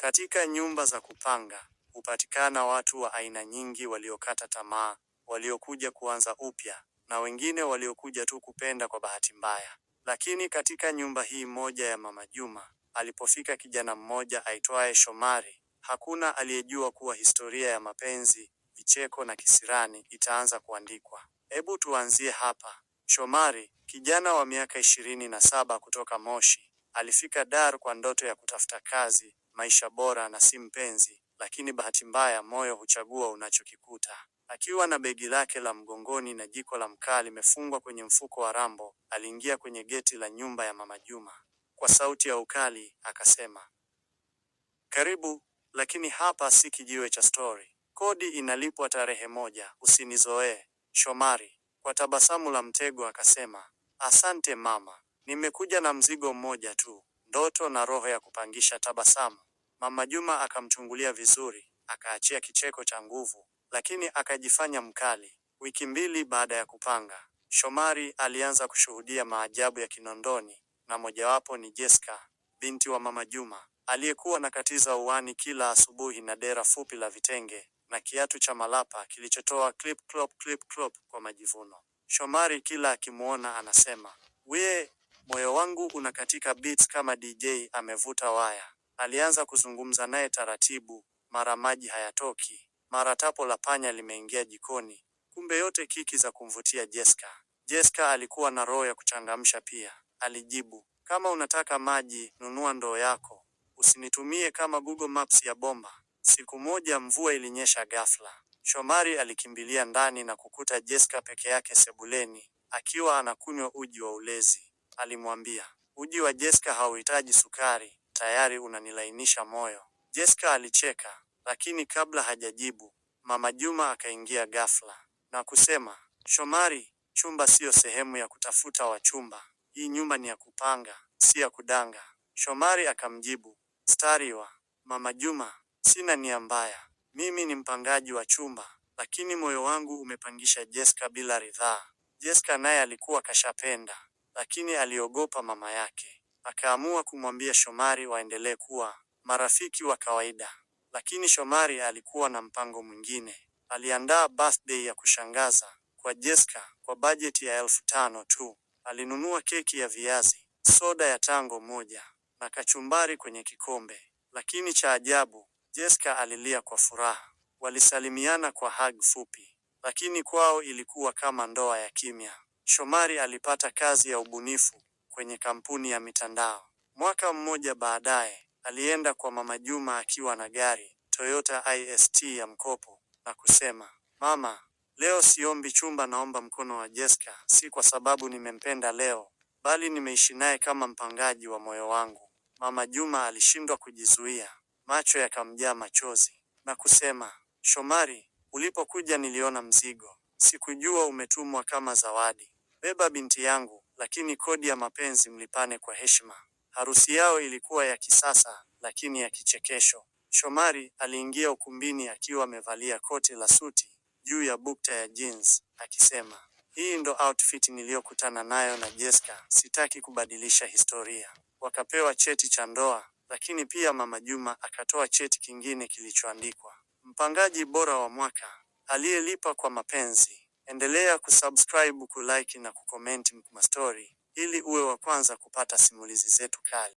Katika nyumba za kupanga hupatikana watu wa aina nyingi, waliokata tamaa, waliokuja kuanza upya na wengine waliokuja tu kupenda kwa bahati mbaya. Lakini katika nyumba hii moja ya Mama Juma alipofika kijana mmoja aitwaye Shomari, hakuna aliyejua kuwa historia ya mapenzi, vicheko na kisirani itaanza kuandikwa. Hebu tuanzie hapa. Shomari, kijana wa miaka ishirini na saba kutoka Moshi, alifika Dar kwa ndoto ya kutafuta kazi maisha bora na si mpenzi, lakini bahati mbaya moyo huchagua unachokikuta. Akiwa na begi lake la mgongoni na jiko la mkaa limefungwa kwenye mfuko wa rambo, aliingia kwenye geti la nyumba ya Mama Juma. Kwa sauti ya ukali akasema, karibu, lakini hapa si kijiwe cha stori. Kodi inalipwa tarehe moja, usinizoee Shomari. Kwa tabasamu la mtego akasema, asante mama, nimekuja na mzigo mmoja tu, ndoto na roho ya kupangisha tabasamu. Mama Juma akamchungulia vizuri, akaachia kicheko cha nguvu, lakini akajifanya mkali. Wiki mbili baada ya kupanga, Shomari alianza kushuhudia maajabu ya Kinondoni, na mojawapo ni Jeska, binti wa Mama Juma, aliyekuwa nakatiza uwani kila asubuhi na dera fupi la vitenge na kiatu cha malapa kilichotoa clip clop clip clop kwa majivuno. Shomari kila akimwona anasema, "Wee, moyo wangu unakatika beats kama DJ amevuta waya." Alianza kuzungumza naye taratibu, mara maji hayatoki, mara tapo la panya limeingia jikoni. Kumbe yote kiki za kumvutia Jeska. Jeska alikuwa na roho ya kuchangamsha pia. Alijibu, kama unataka maji nunua ndoo yako, usinitumie kama Google Maps ya bomba. Siku moja mvua ilinyesha ghafla. Shomari alikimbilia ndani na kukuta Jeska peke yake sebuleni akiwa anakunywa uji wa ulezi. Alimwambia, uji wa Jeska hauhitaji sukari, tayari unanilainisha moyo. Jessica alicheka, lakini kabla hajajibu, Mama Juma akaingia ghafla na kusema, Shomari, chumba siyo sehemu ya kutafuta wachumba. Hii nyumba ni ya kupanga, si ya kudanga. Shomari akamjibu, stari wa Mama Juma, sina nia mbaya. Mimi ni mpangaji wa chumba, lakini moyo wangu umepangisha Jessica bila ridhaa. Jessica naye alikuwa kashapenda, lakini aliogopa mama yake. Akaamua kumwambia Shomari waendelee kuwa marafiki wa kawaida, lakini Shomari alikuwa na mpango mwingine. Aliandaa birthday ya kushangaza kwa Jessica kwa bajeti ya elfu tano tu. Alinunua keki ya viazi, soda ya tango moja na kachumbari kwenye kikombe. Lakini cha ajabu, Jessica alilia kwa furaha. Walisalimiana kwa hug fupi, lakini kwao ilikuwa kama ndoa ya kimya. Shomari alipata kazi ya ubunifu kwenye kampuni ya mitandao. Mwaka mmoja baadaye, alienda kwa Mama Juma akiwa na gari Toyota IST ya mkopo na kusema, "Mama, leo siombi chumba, naomba mkono wa Jessica, si kwa sababu nimempenda leo, bali nimeishi naye kama mpangaji wa moyo wangu." Mama Juma alishindwa kujizuia, macho yakamjaa machozi na kusema, "Shomari, ulipokuja niliona mzigo, sikujua umetumwa kama zawadi. Beba binti yangu, lakini kodi ya mapenzi mlipane kwa heshima. Harusi yao ilikuwa ya kisasa lakini ya kichekesho. Shomari aliingia ukumbini akiwa amevalia koti la suti juu ya bukta ya jeans akisema, hii ndo outfit niliyokutana nayo na Jessica, sitaki kubadilisha historia. Wakapewa cheti cha ndoa, lakini pia Mama Juma akatoa cheti kingine kilichoandikwa mpangaji bora wa mwaka aliyelipa kwa mapenzi. Endelea kusubscribe, kulike na kucomment Mkumastori ili uwe wa kwanza kupata simulizi zetu kali.